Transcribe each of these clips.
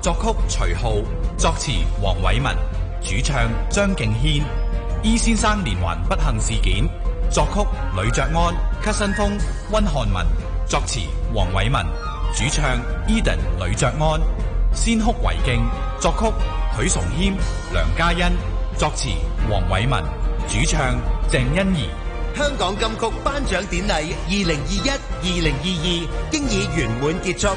作曲徐浩，作詞黃偉文，主唱張敬軒。伊先生連環不幸事件，作曲呂爵安、曲新峰、溫漢文，作詞黃偉文，主唱 Edan 呂爵安。先哭為敬，作曲許崇謙、梁嘉欣，作詞黃偉文，主唱鄭欣宜。香港金曲頒獎典禮二零二一、二零二二，經已圓滿結束。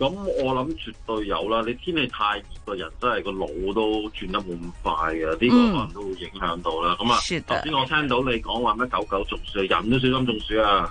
咁我諗絕對有啦，你天氣太熱，個人真係個腦都轉得冇咁快嘅，呢個可能都會影響到啦。咁、嗯、啊，頭先我聽到你講話咩狗狗中暑，人都小心中暑啊！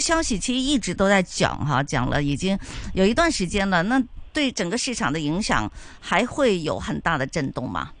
消息其實一直都在講，哈，講了已經有一段時間了。那對整個市場的影響還會有很大的震動嗎？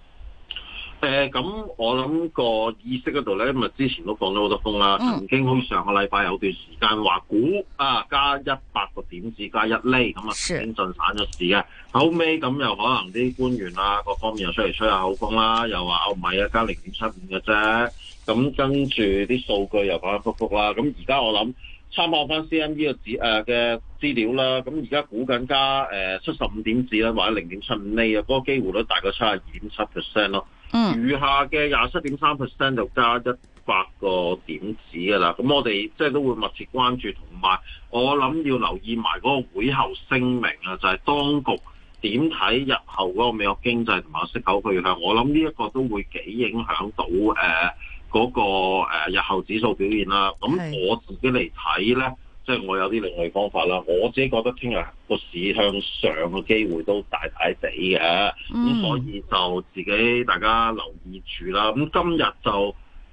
誒、嗯，咁我諗個意識嗰度呢，因為之前都放咗好多風啦，曾經好似上個禮拜有段時間話股啊加一百個點至加一厘，咁啊曾經震散咗市嘅。後尾咁又可能啲官員啊各方面又出嚟吹下口風啦，又話唔係啊，加零點七五嘅啫。咁跟住啲數據又反反复复啦。咁而家我諗。參考翻 CME 嘅資誒嘅資料啦，咁而家估緊加誒七十五點子啦，或者零點七五厘啊，嗰個機會率大概七十二點七 percent 咯。嗯。餘下嘅廿七點三 percent 就加一百個點子㗎啦。咁我哋即係都會密切關注，同埋我諗要留意埋嗰個會後聲明啊，就係、是、當局點睇日後嗰個美國經濟同埋息口去向。我諗呢一個都會幾影響到誒。嗰、那個日後指數表現啦，咁我自己嚟睇咧，即係我有啲另外方法啦。我自己覺得聽日個市向上嘅機會都大大地嘅，咁、嗯、所以就自己大家留意住啦。咁今日就誒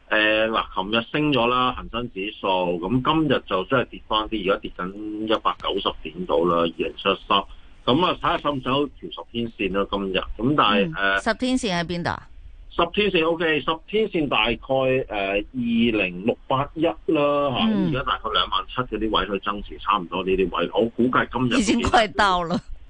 嗱，琴、呃、日升咗啦恆生指數，咁今日就真係跌翻啲，而家跌緊一百九十點出、啊、看看到啦，二零七三。咁啊睇下走唔走條十天線啦、啊，今日。咁但係誒、嗯呃，十天線喺邊度？十天線 OK，十天線大概誒二零六八一啦吓，而、嗯、家大概兩萬七嗰啲位去增持，差唔多呢啲位，我估計今日已經快到了。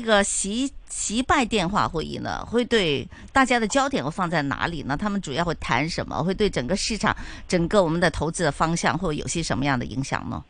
這個習拜電話會議呢，會對大家的焦點會放在哪裏呢？他們主要會談什麼？會對整個市場、整個我們的投資的方向，會有些什麼樣的影響呢？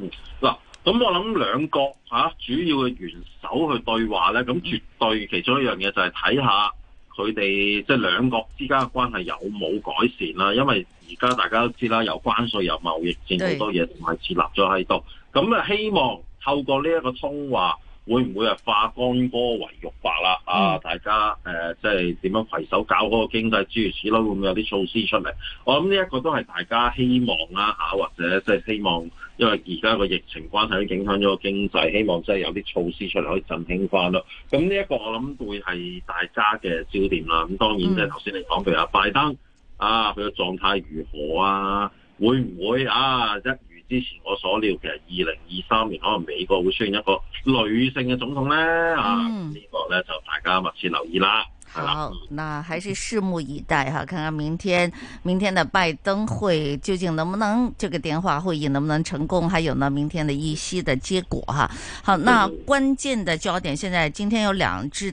嗱、嗯，咁我諗兩國吓主要嘅元首去對話呢，咁絕對其中一樣嘢就係睇下佢哋即係兩國之間嘅關係有冇改善啦。因為而家大家都知啦，有關稅、有貿易戰好多嘢同埋設立咗喺度，咁啊、嗯、希望透過呢一個通話。會唔會啊化干戈為玉帛啦、啊？啊，大家誒、呃、即係點樣攜手搞嗰個經濟？諸如此類，會唔會有啲措施出嚟？我諗呢一個都係大家希望啦、啊、或者即係希望，因為而家個疫情關係都影響咗個經濟，希望即係有啲措施出嚟可以振興翻咯。咁呢一個我諗會係大家嘅焦點啦、啊。咁當然即係頭先你講，譬如拜登啊，佢個狀態如何啊？會唔會啊？一之前我所料，嘅，二零二三年可能美國會出現一個女性嘅總統呢。啊呢個呢，就大家密切留意啦。好，那還是拭目以待哈，看看明天明天的拜登會究竟能不能這個電話會議能不能成功，還有呢明天的議息的結果哈。好，那關鍵的焦點，現在今天有兩支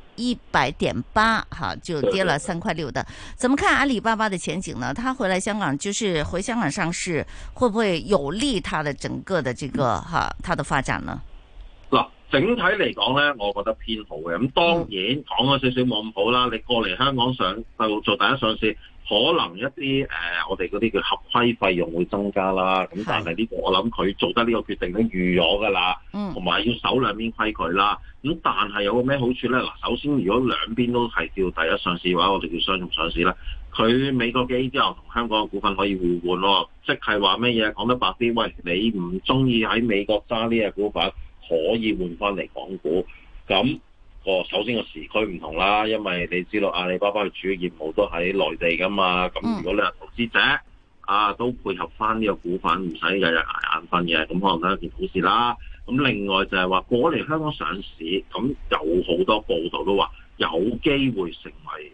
一百點八，哈，就跌了三塊六的。怎麼看阿里巴巴的前景呢？它回來香港，就是回香港上市，會不會有利它的整個的這個哈，它的發展呢？嗱，整體嚟講呢，我覺得偏好嘅。咁當然講咗少少冇咁好啦。你過嚟香港上市就做第一上市。可能一啲誒、呃，我哋嗰啲叫合規費用會增加啦。咁但係呢、呢個，我諗佢做得呢個決定都預咗㗎啦。同埋要守兩邊規矩啦。咁但係有個咩好處咧？嗱，首先如果兩邊都係叫第一上市嘅話，我哋叫雙重上市啦。佢美國嘅之後同香港嘅股份可以互換囉，即係話咩嘢？講得白啲，喂，你唔中意喺美國揸呢隻股份，可以換翻嚟港股咁。首先個時區唔同啦，因為你知道阿里巴巴嘅主要業務都喺內地噶嘛，咁、嗯、如果你係投資者，啊都配合翻呢個股份，唔使日日捱眼瞓嘅，咁可能都係件好事啦。咁另外就係話過嚟香港上市，咁有好多報道都話有機會成為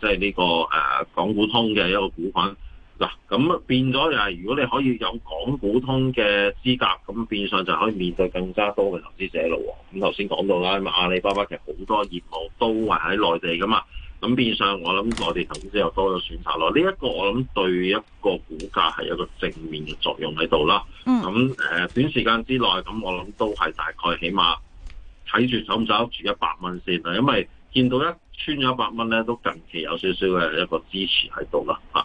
誒，即係呢個誒港股通嘅一個股份。嗱，咁變咗就係如果你可以有港股通嘅資格，咁變相就可以面對更加多嘅投資者咯。咁頭先講到啦，因為阿里巴巴其實好多業務都係喺內地噶嘛，咁變相我諗內地投資者又多咗選擇咯。呢一個我諗對一個股價係一個正面嘅作用喺度啦。咁誒短時間之內咁，我諗都係大概起碼睇住守唔守住一百蚊先啦。因為見到一穿咗一百蚊咧，都近期有少少嘅一個支持喺度啦。吓！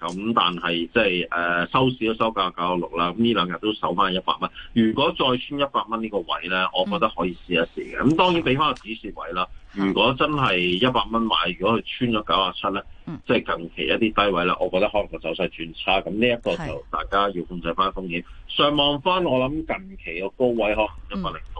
咁但係即係誒收市收 9, 9, 都收價九十六啦，咁呢兩日都守翻一百蚊。如果再穿一百蚊呢個位咧，我覺得可以試一試嘅。咁、嗯、當然俾翻個指示位啦。如果真係一百蚊買，如果佢穿咗九十七咧，即係、就是、近期一啲低位啦，我覺得可能就走勢轉差。咁呢一個就大家要控制翻風險。上望翻我諗近期個高位可能一百零。嗯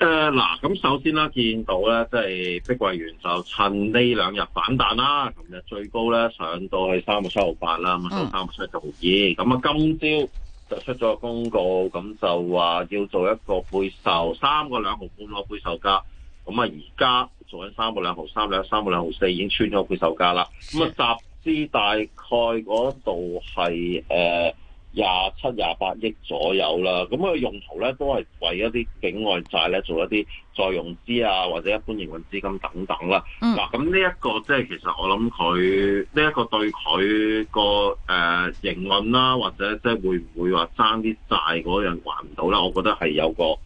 誒，嗱，咁首先啦，見到咧，即係碧桂園就趁呢兩日反彈啦，今日最高咧上到去三個七毫八啦，咁啊三個七毫二，咁、嗯、啊今朝就出咗公告，咁就話要做一個配售，三個兩毫半咯，配售價，咁啊而家做緊三個兩毫三兩，三個兩毫四已經穿咗配售價啦，咁啊集資大概嗰度係誒。呃廿七、廿八億左右啦，咁佢用途咧都係為一啲境外債咧做一啲再融資啊，或者一般營運資金等等啦。嗱、嗯，咁呢一個即係其實我諗佢呢一個對佢個誒營運啦，或者即係會唔會話爭啲債嗰樣還唔到咧？我覺得係有個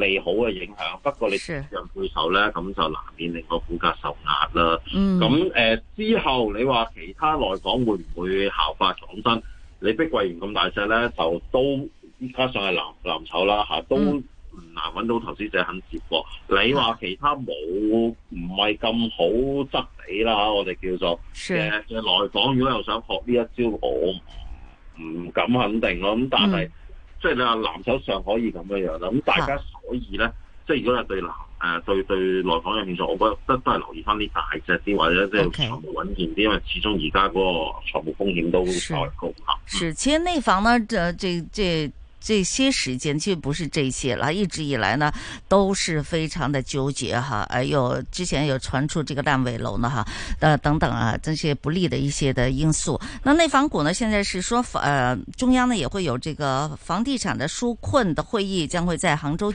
利好嘅影響，不過你此任配售咧，咁就難免令個股價受壓啦。咁、嗯、誒、呃、之後你話其他內講，會唔會效法港生？你碧桂園咁大隻咧，就都依家上係藍藍籌啦嚇、啊，都唔難揾到投資者肯接過。你話其他冇唔係咁好質地啦，我哋叫做嘅嘅內房如果又想學呢一招，我唔敢肯定咯。咁但係即係你話藍籌上可以咁樣樣啦。咁大家所以咧，即係如果係對藍誒、啊、對對內房有興趣，我覺得都係留意翻啲大隻啲或者即係財務穩健啲，okay。因為始終而家嗰個財務風險都稍微高啊、嗯。是，其實內房呢，這這這這些時間就不是這些啦，一直以來呢都是非常的糾結哈。誒、啊、有之前有傳出這個爛尾樓呢哈，誒、啊、等等啊這些不利的一些的因素。那內房股呢，現在是說，誒、呃、中央呢也會有這個房地產的紓困的會議，將會在杭州。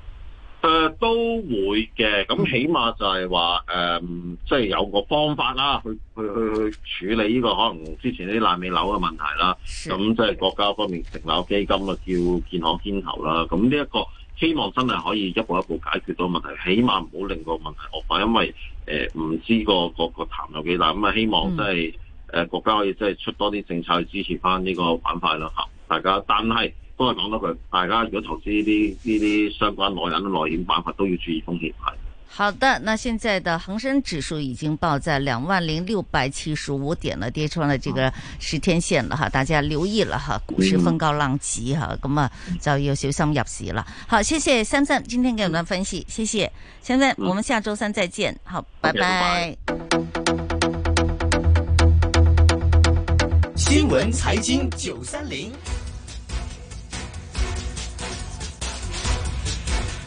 誒、呃，都會嘅，咁起碼就係話誒，即係有個方法啦，去去去去處理呢、這個可能之前啲爛尾樓嘅問題啦。咁即係國家方面成立基金啊，叫建行牽頭啦。咁呢一個希望真係可以一步一步解決到問題，起碼唔好令個問題惡化。因為誒唔、呃、知個個個談有幾大。咁啊希望即係誒國家可以即係出多啲政策去支持翻呢個板塊啦。吓，大家，但係。都係講多句，大家如果投資呢啲呢啲相關內引內險板塊，都要注意風險係。好的，那現在的恒生指數已經報在兩萬零六百七十五點了，跌穿了這個十天線了哈，大家留意了哈，股市風高浪急哈，咁、嗯、啊就要小心入市啦。好，謝謝三三。今天給我們分析，嗯、謝謝三三，我們下周三再見，好，嗯、拜拜 okay, bye bye。新聞財經九三零。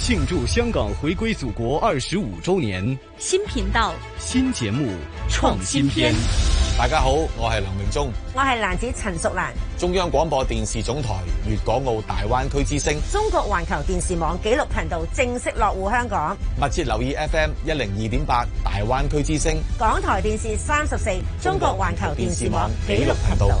慶祝香港回歸祖國二十五周年，新頻道、新節目、創新篇。大家好，我係梁榮忠，我係藍子陳淑蘭。中央廣播電視總台粵港澳大灣區之聲，中國環球電視網紀錄頻道正式落戶香港。密切留意 FM 一零二點八大灣區之聲，港台電視三十四，中國環球電視網紀錄頻道。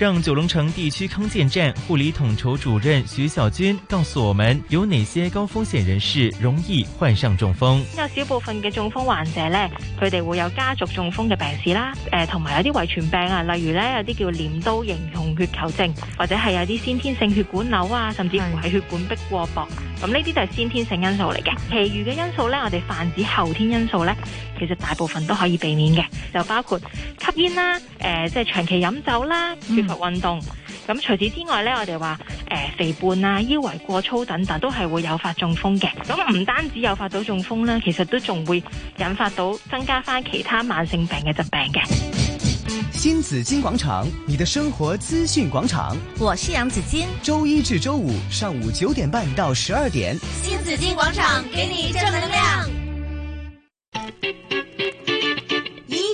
讓九龍城地區康健站護理統籌主任徐小軍告訴我們，有哪些高風險人士容易患上中風？有少部分嘅中風患者呢，佢哋會有家族中風嘅病史啦，誒、呃，同埋有啲遺傳病啊，例如呢，有啲叫鐮刀型紅血球症，或者係有啲先天性血管瘤啊，甚至乎係血管壁過薄。咁呢啲就係先天性因素嚟嘅。其餘嘅因素呢，我哋泛指後天因素呢，其實大部分都可以避免嘅，就包括吸煙啦，誒、呃，即、就、係、是、長期飲酒啦，嗯運動。咁除此之外咧，我哋話，誒，肥胖啊、腰圍過粗等等，都係會誘發中風嘅。咁唔單止誘發到中風啦，其實都仲會引發到增加翻其他慢性病嘅疾病嘅。新紫金廣場，你的生活資訊廣場，我是楊紫金。周一至周五上午九點半到十二點，新紫金廣場給你正能量。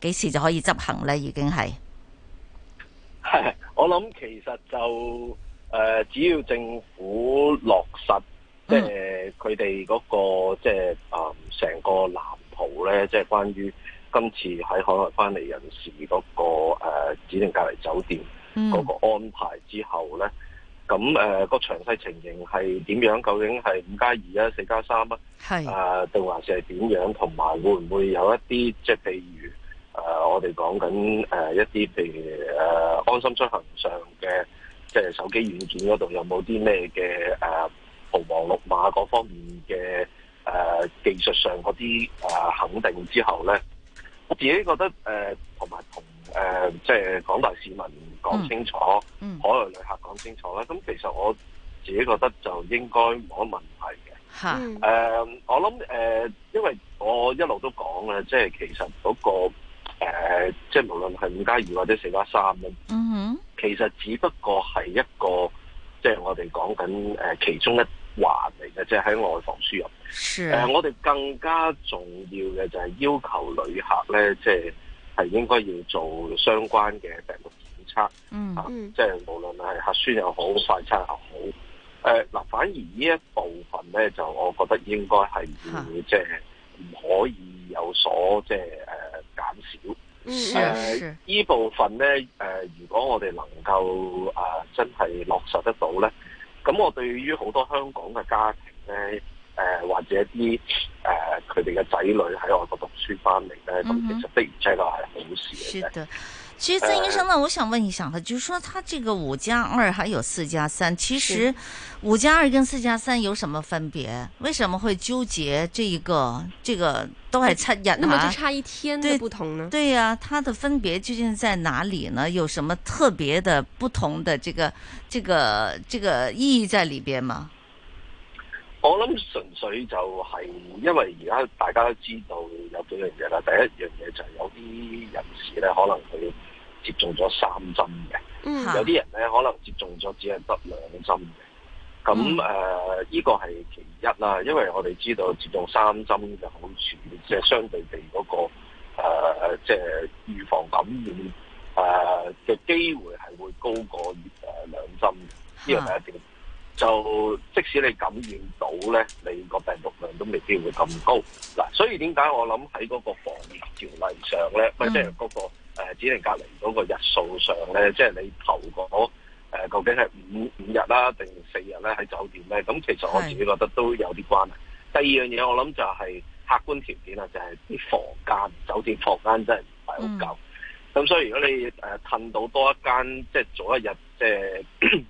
幾時就可以執行呢？已經係，我諗其實就誒、呃，只要政府落實，即係佢哋嗰個即係誒成個藍圖呢，即、就、係、是、關於今次喺海外翻嚟人士嗰、那個、呃、指定隔離酒店嗰個安排之後呢，咁、嗯、誒、呃那個詳細情形係點樣？究竟係五加二啊，四加三啊，係啊，定、呃、還是係點樣？同埋會唔會有一啲即係譬如？誒、啊，我哋講緊誒一啲，譬如誒、啊、安心出行上嘅，即係手機軟件嗰度有冇啲咩嘅誒紅黃綠碼嗰方面嘅誒、啊、技術上嗰啲誒肯定之後咧，我自己覺得誒同埋同誒即係廣大市民講清楚，嗯，嗯海外旅客講清楚咧，咁其實我自己覺得就應該冇乜問題嘅，嚇、嗯，誒、嗯啊、我諗誒、啊，因為我一路都講咧，即係其實嗰、那個。誒、呃，即係無論係五加二或者四加三咁，其實只不過係一個，即係我哋講緊誒其中一環嚟嘅，即係喺外防輸入。誒、呃，我哋更加重要嘅就係要求旅客咧，即係係應該要做相關嘅病毒檢測。嗯、mm-hmm. 啊，即係無論係核酸又好，快測又好。誒，嗱，反而呢一部分咧，就我覺得應該係要，huh. 即係唔可以有所即係誒。少誒，呢、呃、部分咧誒、呃，如果我哋能夠啊、呃，真係落實得到咧，咁我對於好多香港嘅家庭咧，誒、呃、或者啲誒佢哋嘅仔女喺外國讀書翻嚟咧，咁、嗯、其實的而且確係好事嘅。其實曾醫生呢，我想問一下他、呃、就是、說他這個五加二還有四加三，其實五加二跟四加三有什麼分別？為什麼會糾結這一個？這個都還差兩、啊，那麼就差一天的不同呢？對呀，它、啊、的分別究竟在哪裏呢？有什麼特別的不同的這個、這個、這個意義在裏邊嗎？我諗純粹就係因為而家大家都知道有幾樣嘢啦，第一樣嘢就係有啲人士呢，可能佢。接種咗三針嘅，有啲人咧可能接種咗只係得兩針嘅。咁誒、依、嗯、呃這個係其一啦。因為我哋知道接種三針就好處，即係相對地嗰、那個誒、即係預防感染誒嘅機會係會高過誒兩針嘅。呢個第一點，就即使你感染到咧，你個病毒量都未必會咁高。嗱，所以點解我諗喺嗰個防疫條例上咧，唔、嗯、即係嗰、那個。誒、呃、指定隔離嗰個日數上咧，即係你頭嗰誒、呃、究竟係五五日啦，定四日咧喺酒店咧，咁其實我自己覺得都有啲關係。第二樣嘢我諗就係客觀條件啦，就係、是、啲房間酒店房間真係唔係好夠。咁、嗯、所以如果你誒褪、呃、到多一間，即係早一日，即係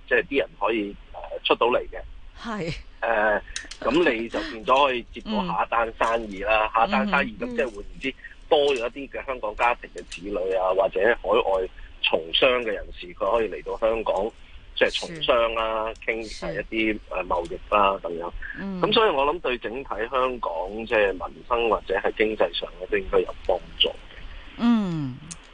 即係啲人可以誒、呃、出到嚟嘅，係誒咁你就變咗可以接個下一單生意啦，嗯、下一單生意咁、嗯嗯、即係換言之。嗯多咗一啲嘅香港家庭嘅子女啊，或者海外從商嘅人士，佢可以嚟到香港，即係從商啦、啊，傾一啲誒貿易啦、啊，咁樣。咁所以我諗對整體香港即係、就是、民生或者係經濟上，我都應該有幫助嘅。嗯。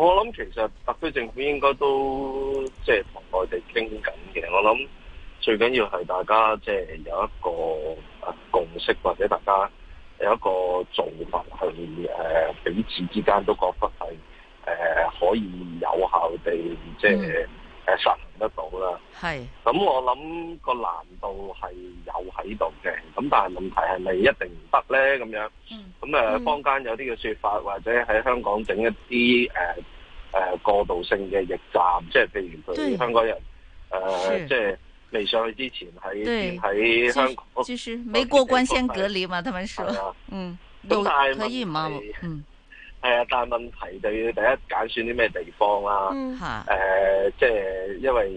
我諗其實特區政府應該都即係同內地傾緊嘅。我諗最緊要係大家即係有一個共識，或者大家有一個做法係、呃、彼此之間都覺得係、呃、可以有效地即係、嗯誒，實行得到啦。係。咁、嗯、我諗個難度係有喺度嘅，咁但係問題係咪一定唔得咧？咁樣。咁、嗯、誒，坊、嗯、間有啲嘅說法，或者喺香港整一啲誒誒過渡性嘅驛站，即係譬如佢香港人誒、呃，即係未上去之前喺喺香港。即係未過關先隔離嘛？他們說，啊、嗯，都可以嗎？嗯。係啊，但係問題就要第一揀選啲咩地方啦，啊。嗯，嚇、呃。即係因為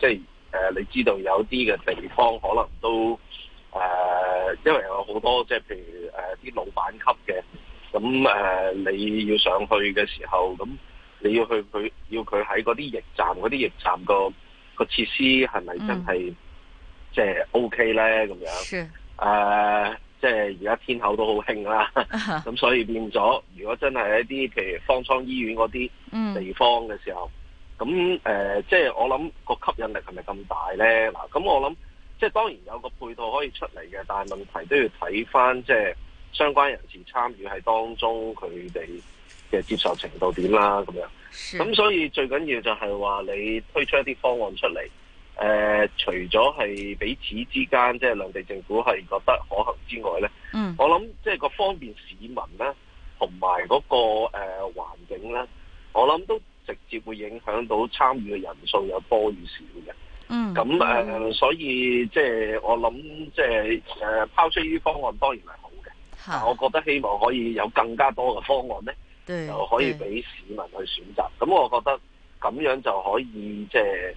即係誒、呃，你知道有啲嘅地方可能都誒、呃，因為有好多即係譬如誒啲、呃、老闆級嘅，咁誒、呃、你要上去嘅時候，咁你要去佢要佢喺嗰啲驛站嗰啲驛站個個設施係咪真係、嗯、即係 O K 咧？咁、OK、樣。是。呃即係而家天口都好興啦，咁、uh -huh. 所以變咗，如果真係一啲譬如方艙醫院嗰啲地方嘅時候，咁、uh、誒 -huh.，即、呃、係、即係、我諗個吸引力係咪咁大呢？嗱，咁我諗即係當然有個配套可以出嚟嘅，但係問題都要睇翻即係相關人士參與係當中佢哋嘅接受程度點啦，咁樣。咁、uh -huh. 所以最緊要就係話你推出一啲方案出嚟。誒、呃，除咗係彼此之間，即係兩地政府係覺得可行之外咧，嗯，我諗即係個方便市民咧，同埋嗰個誒環、呃、境咧，我諗都直接會影響到參與嘅人數有多與少嘅，嗯，咁誒、呃嗯，所以即係、就是、我諗，即係誒拋出呢啲方案，當然係好嘅，我覺得希望可以有更加多嘅方案咧，就可以俾市民去選擇，咁我覺得咁樣就可以即係。就是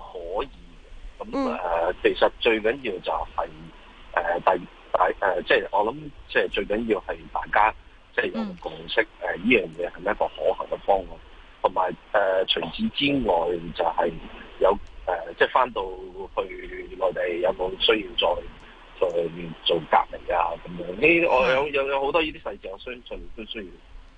咁誒、呃，其實最緊要就係、是、誒、呃、第第誒、呃，即係我諗，即係最緊要係大家即係有個共識，誒呢樣嘢係一個可行嘅方案。同埋誒除此之，之外就是，就係有誒，即係翻到去內地有冇需要再再做隔離啊？咁樣呢、欸？我有有有好多呢啲細節，我相信都需要。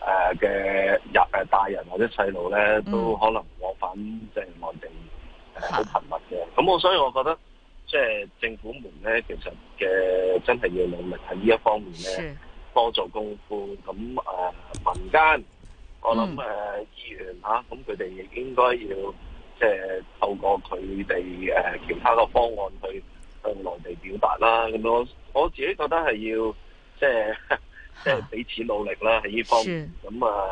誒嘅入誒大人或者細路咧，都可能往返即係內地誒好頻密嘅。咁我所以我覺得，即、就、係、是、政府門咧，其實嘅真係要努力喺呢一方面咧，多做功夫。咁誒、呃、民間、嗯，我諗誒、呃、議員吓，咁佢哋亦應該要即係、就是、透過佢哋誒其他嘅方案去向內地表達啦。咁我我自己覺得係要即係。就是即係彼此努力啦喺呢方面，咁啊，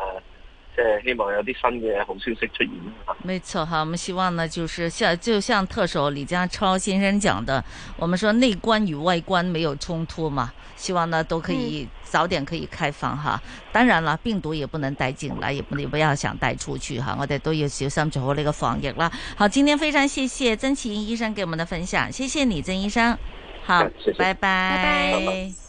即係希望有啲新嘅好消息出現啊！沒錯哈，我們希望呢，就是像就像特首李家超先生講的，我們說內關與外關沒有衝突嘛。希望呢都可以早點可以開放哈，嗯。當然啦，病毒也不能帶進來，也不也不要想帶出去哈。我哋都要小心做好呢個防疫啦。好，今天非常謝謝曾祈殷醫生給我們的分享，謝謝你曾醫生。好，謝謝拜拜。拜拜